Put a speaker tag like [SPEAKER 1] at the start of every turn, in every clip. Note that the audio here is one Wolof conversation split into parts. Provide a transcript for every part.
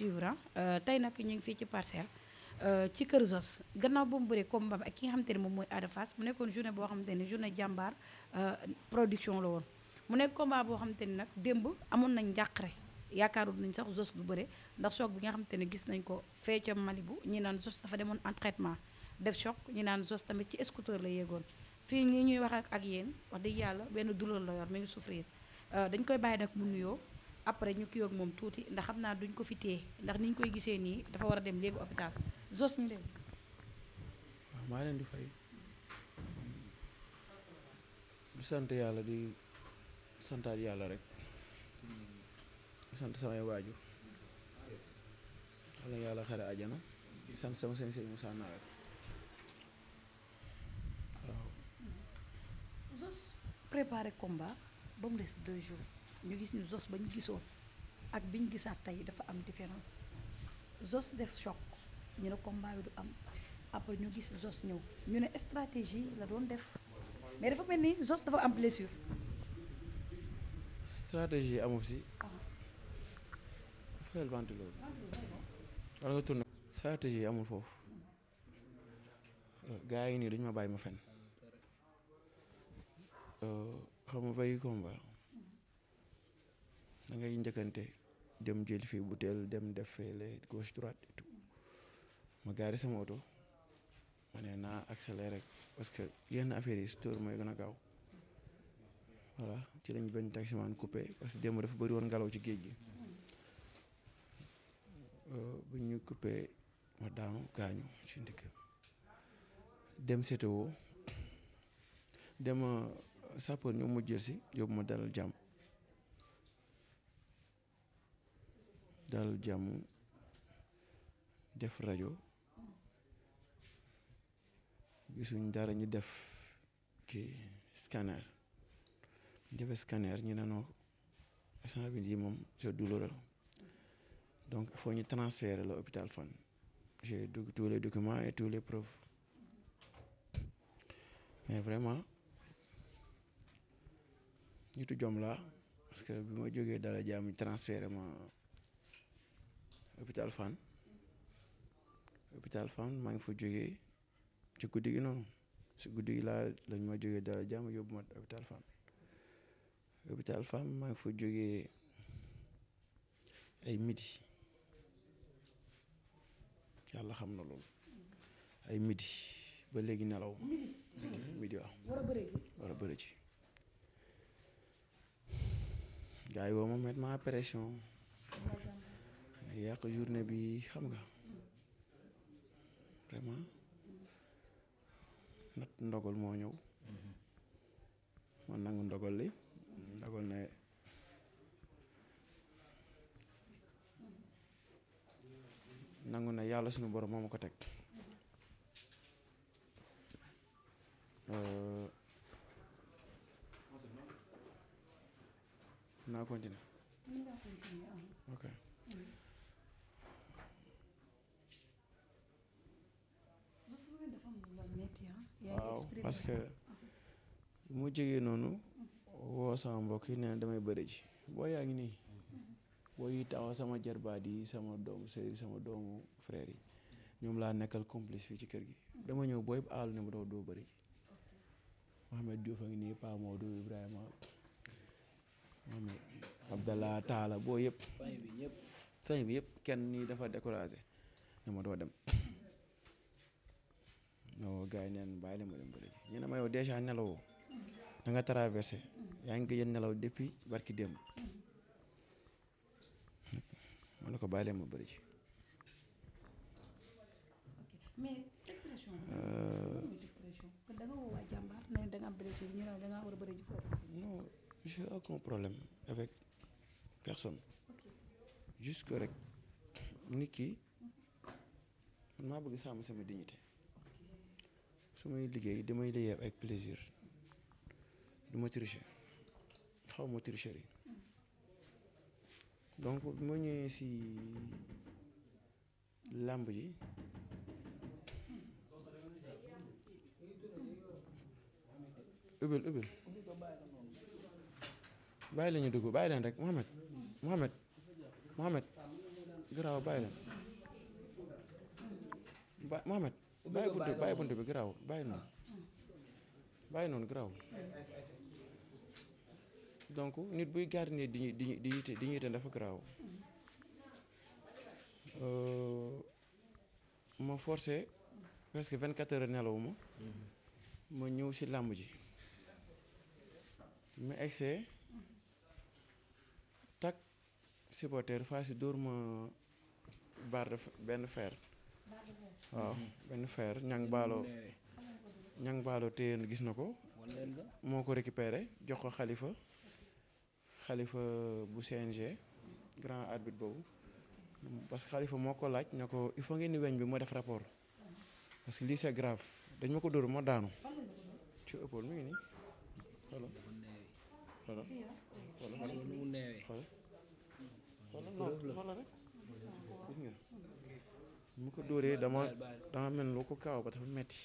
[SPEAKER 1] suivre euh, tey nag ñu ngi fii ci parcelle euh, ci Kër Zos gannaaw ba mu bëree combat ki nga xamante ne moom mooy Ada Fass mu nekkoon journée boo xamante ne journée jàmbaar euh, production la woon mu nekk combat boo xamante ni nag démb amoon nañ njàqare yaakaarul nañ sax Zos bu bëre ndax soog bi nga xamante ne gis nañ ko fee ca bu ñi naan Zos dafa demoon entraînement def choc ñi naan Zos tamit ci scooter la yéegoon fii ñi ñuy wax ak ak yéen wax dëgg yàlla benn douleur la yor mi ngi souffrir dañ koy bàyyi nag après ñu kii ak moom tuuti ndax xam naa duñ ko fi téye ndax ni ñu koy gisee nii dafa war a dem léegi hôpital Zos ñu dem.
[SPEAKER 2] waaw maa leen di fay di sant yàlla di santaat yàlla rek di sant samay waajur xam yàlla xare ajana di sant sama sëñ sëñ Moussa Nawel waaw.
[SPEAKER 1] Zos préparé combat ba mu des deux jours. ñu gis ni zos ba ñu gisoon ak bi ñu gisaat tey dafa am différence zos def choc ñu ne combat bi du am après ñu gis zos ñëw ñu ne stratégie la doon def mais dafa mel ni zos dafa am blessure.
[SPEAKER 2] stratégie amu si. Ah. fayal bant loolu. wala nga tourné stratégie amul foofu. Euh, gaa yi nii duñu ma bàyyi ma fen euh, xam nga bay combat dangay njëkkante dem jël fii butéel dem def fële gauche droite et ma gaari sama oto ma ne naa accéléré rek parce que yenn affaires yi sutóor mooy gën a gaaw voilà ci lañ benn taximaan coupé parce que démb dafa bari woon ngelaw ci géej gi euh, bu ñu coupé ma daanu gaañu ci ndigg dem seetewoo dem euh, sapeur ñoo mu jël si yóbbu ma dalal jàmm dalal jàmm def rajo gisuñ dara ñu def kii scanner defe scanner ñu ne non instant bi moom c'est la donc foo ñu transférer la hôpital Fann j'ai tous les documents et toutes les preuves mais vraiment nitu jom la parce que bi ma jógee daal jàmm transféré ma. hôpital Fann hôpital Fann maa ngi fa jógee ci guddi gi noonu si guddi gi laa lañ ma jógee dara jàmm yóbbu ma hôpital Fann hôpital Fann maa ngi fa jógee ay midi yàlla xam na loolu ay midi ba léegi nelaw ma midi waaw war a bëri ci gars woo ma met ma pression yàq journée bi xam nga vraiment nat ndogal moo ñëw man nangu ndogal li ndogal ne nangu na yàlla suñu borom moo ma ko teg euh, naa continuer
[SPEAKER 1] waaw parce que
[SPEAKER 2] mu jógee noonu woo sama mbokk yi nee na damay bëri ji boo yaa ngi nii boo yi taxaw sama jarbaat yi sama doomu sœur sama doomu frère yi ñoom laa nekkal complice fii ci kër gi dama ñëw booy aalu ne ma doo doo bëri ji Mohamed Diouf a ngi nii Pa Modou Ibrahima Mohamed Abdallah Taala boo yëpp famille bi yëpp kenn nii dafa découragé ne ma doo dem non gars yi neen bàyyi la ma dem bëri ji ñu ne ma yow dèjà nelawoo mm-hmm. da nga yaa ngi gëj a nelaw depuis barki démb mm-hmm. ma ne ko bàyyi la ma bëri ji.
[SPEAKER 1] mais dépression. Euh. a bëri
[SPEAKER 2] ji que rek nit mm-hmm. man maa bëgg sàmm sama dignité. su may liggéey damay liggéey ak plaisir du ma tricher xaw ma tricherie donc bu ma ñëwee si làmb ji ubbil ubbil bàyyi la dugg bàyyi leen rek Mohamed Mohamed Mohamed garaaw bàyyi leen Mohamed bàyyi bunt bàyyi bunt bi garaaw bàyyi noonu bàyyi noonu garaaw donc nit buy garder di di di yite di yite dafa garaaw euh, ma forcé presque vingt quatre heures nelawuma ma ñëw ci làmb ji ma egsee takk supporter faa si dóor ma barre benn fer waaw benn fer ñang baalo ñang baalo téyeen gis na ko moo ko récupéré jox ko xalifa xalifa bu CNG grand arbitre boobu parce que xalifa moo ko laaj ne ko il faut ngeen weñ bi ma def rapport parce que lii c'est grave dañ ma ko dóor ma daanu ci ëppoon mu ko dóoree dama dama mel lu ko kaaw ba dafa metti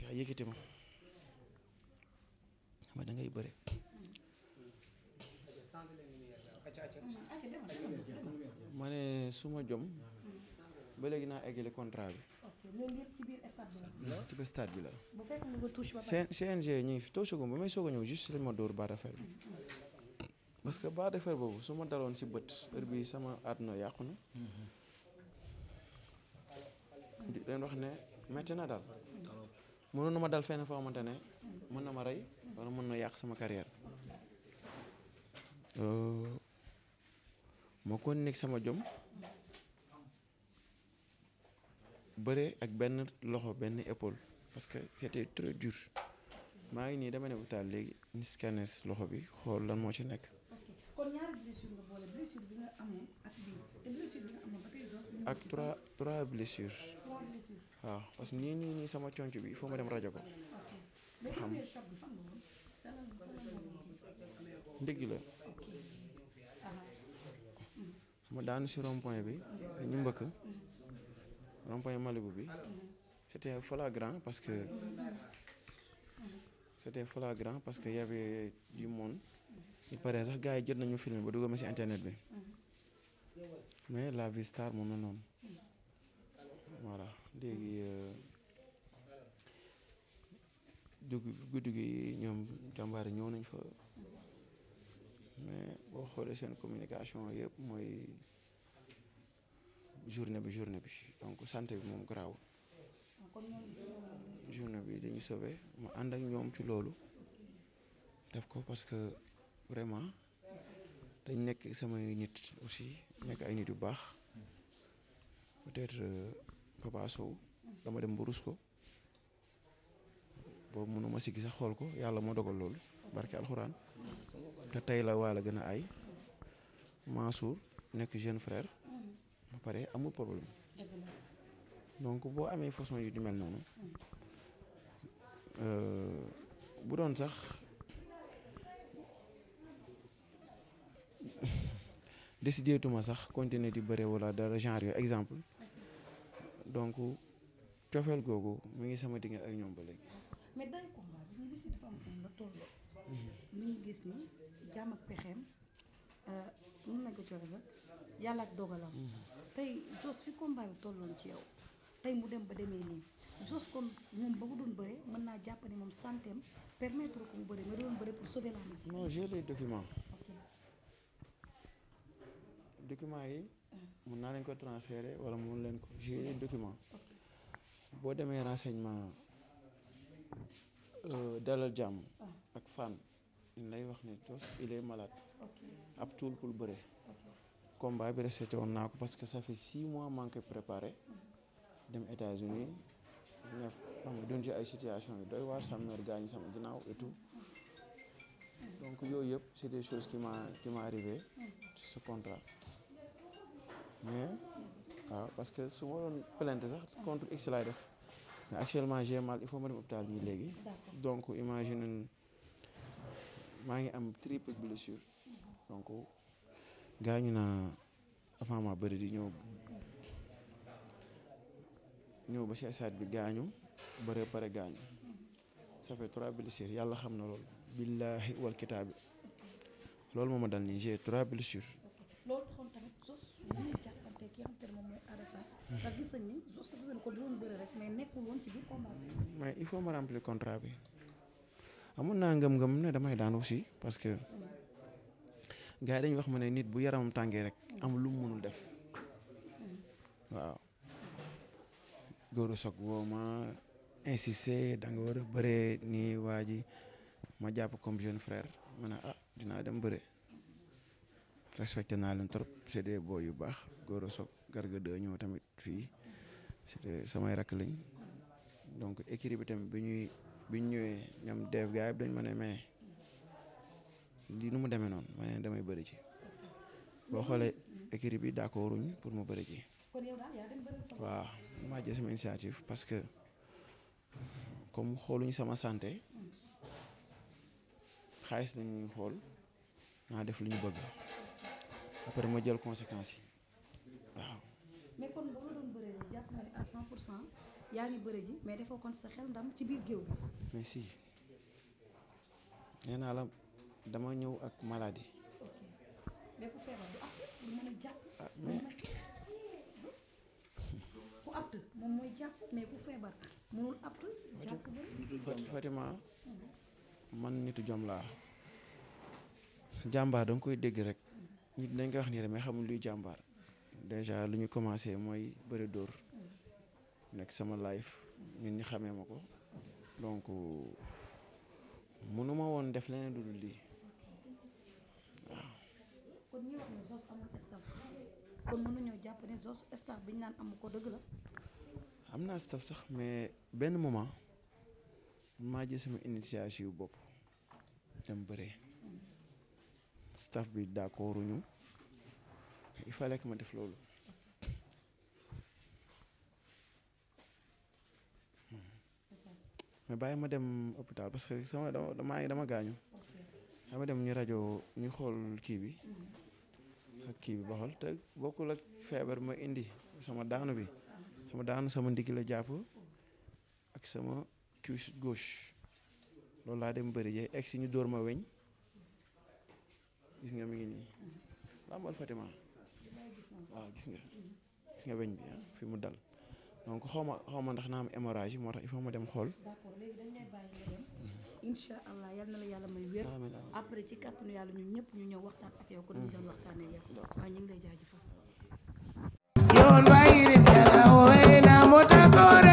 [SPEAKER 2] gaa yëkkati ma ma da ngay bëre ma ne suma jom ba léegi naa eggale contrat bi ci biir stade bi la CNG ñu ngi fi too sogom ba may soog a ñëw juste lañ ma dóor barre de fer bi
[SPEAKER 1] mm-hmm.
[SPEAKER 2] parce que barre de fer boobu su ma daloon si bët heure bi sama àdduna yàqu leen wax ne metti na daal mënoon na ma dal fenn foo xamante ne mën na ma rey wala mën na yàq sama carrière euh, moo ko nekk sama jom bëre ak benn loxo benn épaule parce que c'était très dur maa ngi nii dama ne utaal léegi ni scanner loxo bi xool lan moo ci nekk. kon ak trois trois blessures. waaw parce que nii nii nii sama conc bi il faut ma dem rajo ko xam
[SPEAKER 1] ndigg la uh-huh.
[SPEAKER 2] ma daanu si rond point bi ñu mbëkk rond point Malibu bi c'était flagrant parce que c'était flagrant parce que y avait du monde il paraît sax gars yi jot nañu film ba dugal ma si internet bi uh-huh. mais la vie moom la noonu voilà léegi euh, dugg guddi gi ñoom jàmbaar ñëw nañ fa mais boo xoolee seen communication yëpp mooy journée bi journée bi donc santé bi moom garaaw journée bi dañu sauvé ma ànd ak ñoom ci loolu def ko parce que vraiment dañ nekk samay nit aussi nekk ay nit yu baax peut-être euh, Papa Sow dama dem ba rus ko boobu mënuma siggi sax xool ko yàlla moo dogal loolu barke alxuraan te tey la waa la gën a ay Mansour nekk jeune frère ba pare amul problème donc boo amee façon yu di mel noonu euh, bu doon sax décidétuma sax continuer di bëre wala dara genre yooyu exemple donc cofeel googu mu ngi sama digg ak ñoom ba léegi.
[SPEAKER 1] mais day combat bi gis mu mhm. gis ni jàmm ak pexeem mun nañ ko joxe rek yàlla ak dogalam. Mhm. tey Zoss fi combat bi tolloon ci yow tey mu dem ba demee nii Zoss kon moom ba mu doon bëre mën naa jàpp ne moom santeem permettre ko mu bëre nga doon bëre pour sauver la amie. non j'ai les
[SPEAKER 2] documents. ok yi. mun naa leen ko transférer wala mun leen ko j'ai les boo demee renseignement euh, dalal jàmm ah. ak fan in lay wax ni tos il est malade ab tuul pour bëre combat bi resté on naa ko parce que ça fait six mois manqué préparé dem États-Unis ñef xam ci ay situation yi doy waar sama mère gaañ sama ginnaaw et mm. donc yooyu yëpp c'est des choses qui m'a qui m'est arrivé mm. ci contrat mais waaw parce que su ma doon plainte sax contre x laay def mais actuellement j'ai mal il faut ma dem hôpital nii léegi donc imagine maa ngi am triple blessure donc gaañu na avant ma bëri di ñëw ñëw ba si stade bi gaañu bëre pare gaañu ça fait trois blessures yàlla xam na loolu billaahi wal kitaabi loolu moo ma dal nii j'ai trois blessures
[SPEAKER 1] jàppante
[SPEAKER 2] mais il faut ma remplir contrat bi amoon naa ngëm-ngëm ne damay daan aussi parce que gars yi dañuy wax ma ne nit bu yaram tàngee rek am lu mu def waaw góor soog woo ma insisté da nga war nii waa ji ma jàpp comme jeune frère ma ah dinaa dem bëre. respecté naa leen trop c'est des boy yu baax góor a soog garga de ñëw tamit fii c'était samay rakk lañ donc équipe bi tamit bi ñuy bi ñu ñëwee ñam deef gaa yëpp dañ ma ne mais li nu mu demee noonu ma damay bëri ci boo xoolee équipe bi d'accord uñ pour mu bëri ci waaw ma jël sama initiative parce que comme xooluñ sama santé xaalis nañ ñu xool naa def lu ñu bëgg après ma jël conséquences yi waaw.
[SPEAKER 1] mais yaa ngi bëri ji mais defoo kon sa xel ndam ci biir géew bi.
[SPEAKER 2] mais si nee la dama ñëw ak maladie. ok
[SPEAKER 1] mais ku feebar ah, moom mooy jàpp mais ku feebar mënul àtt
[SPEAKER 2] Fatima mhm. man nitu jom laa jàmbaar da koy dégg rek. nit dañ koy wax nii rek mais xamul luy jàmbaar déjà lu ñu commencé mooy bëri dóor nekk sama life ñun ñi xamee ma ko donc mënuma woon def leneen lu dul lii waaw.
[SPEAKER 1] kon mënuñoo jàpp ne bi ñu naan amu ko dëgg la.
[SPEAKER 2] am naa staff sax mais benn moment maa jël sama initiative yu bopp dem bëree. staff bi d'accord ñu il fallait que ma def loolu mais bàyyi ma dem hôpital parce que sama dama dama dama gaañu dama dem ñu rajo ñu xool kii bi ak kii bi ba xool te bokkul ak feebar ma indi sama daanu bi sama daanu sama ndigg la jàpp ak sama cuisse gauche loolu laa dem bëri jeex ñu dóor ma weñ gis nga mi ngi nii làmbal Fatima gis nga nga weñ bi ah, fi mu dal donc xaw ma xaw ma ndax na am hémorragie moo tax il faut ma dem xool. d'accord léegi allah yal na la yàlla may wér. après ci kàttanu yàlla ñun ñëpp ñu ñëw waxtaan ak yow kon ñu doon waxtaanee yow. waaw ñu ngi lay jaajëfal.
[SPEAKER 3] yoon bàyyi rek yàlla wooy naa moo